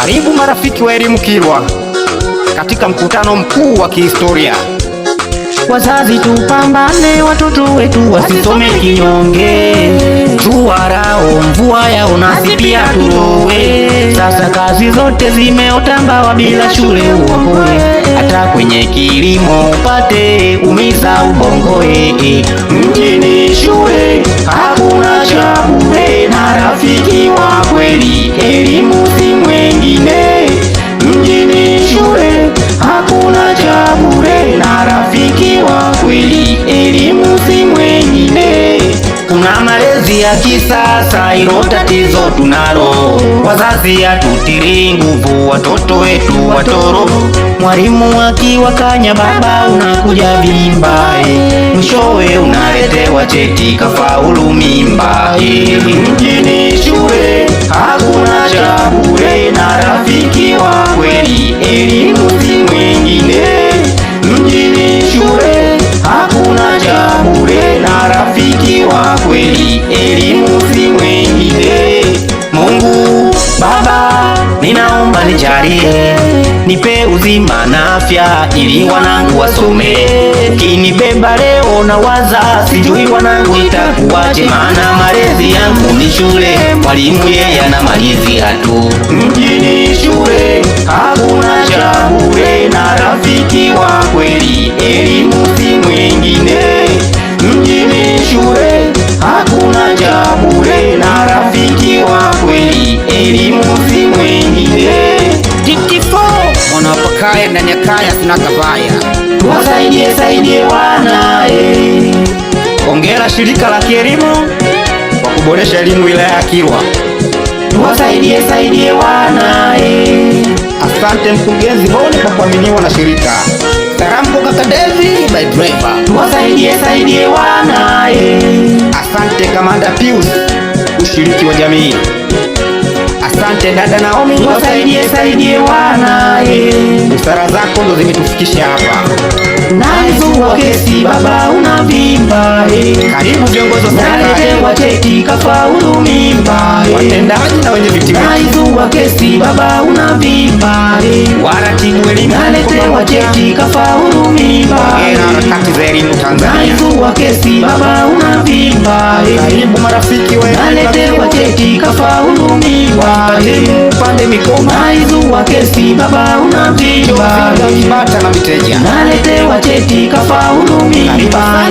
Karibu marafiki wa elimu Kilwa katika mkutano mkuu wa kihistoria. Wazazi tupambane, watoto wetu wasisome kinyonge, tuwarao mvua ya unasi pia Sasa kazi zote zimeotambawa, bila shule uongoe, hata kwenye kilimo upate umiza ubongoe. Mjini shule hakuna Malezi ya kisasa ilo tatizo tunalo, wazazi hatutiri nguvu watoto wetu watoro. Mwalimu wakanya baba unakuja vimbae, mwishowe unaletewa cheti kafaulu mimba. Mjini shule hakuna cha bure na rafiki wa kweli elimu si mwingine. Mjini shule hakuna cha bure na rafiki wa kweli unijali, nipe uzima na afya ili wanangu wasome. Ukinibeba leo nawaza, sijui wanangu itakuwaje, maana malezi yangu ni shule, mwalimu yeye anamalizia tu mjini shule ndani ya kaya wasaidie saidie wana eh. Ongera shirika la kielimu kwa kuboresha elimu wilaya ya Kilwa, wasaidie saidie wana eh. Asante mkurugenzi Boni kwa kuaminiwa na shirika. Karambo kaka Devi by driver, wasaidie saidie wana eh. Asante kamanda Pius, ushiriki wa jamii. Asante dada Naomi, wasaidie saidie wana Busara zako ndo zimetufikisha hapa. Naizua kesi baba unavimba, eh. karibu viongozi wa serikali wacheki kafaulu mimba, eh. watendaji na wenye viti. Naizua kesi baba unavimba, waratibu elimu naletewa cheki kafaulu mimba, eh. harakati za elimu Tanzania. Naizua kesi baba mjomba, karibu marafiki wewe, naletewa cheti kafaulumiwa, upande mikono naizua kesi baba unamjua, kibata na miteja, naletewa cheti kafaulumiwa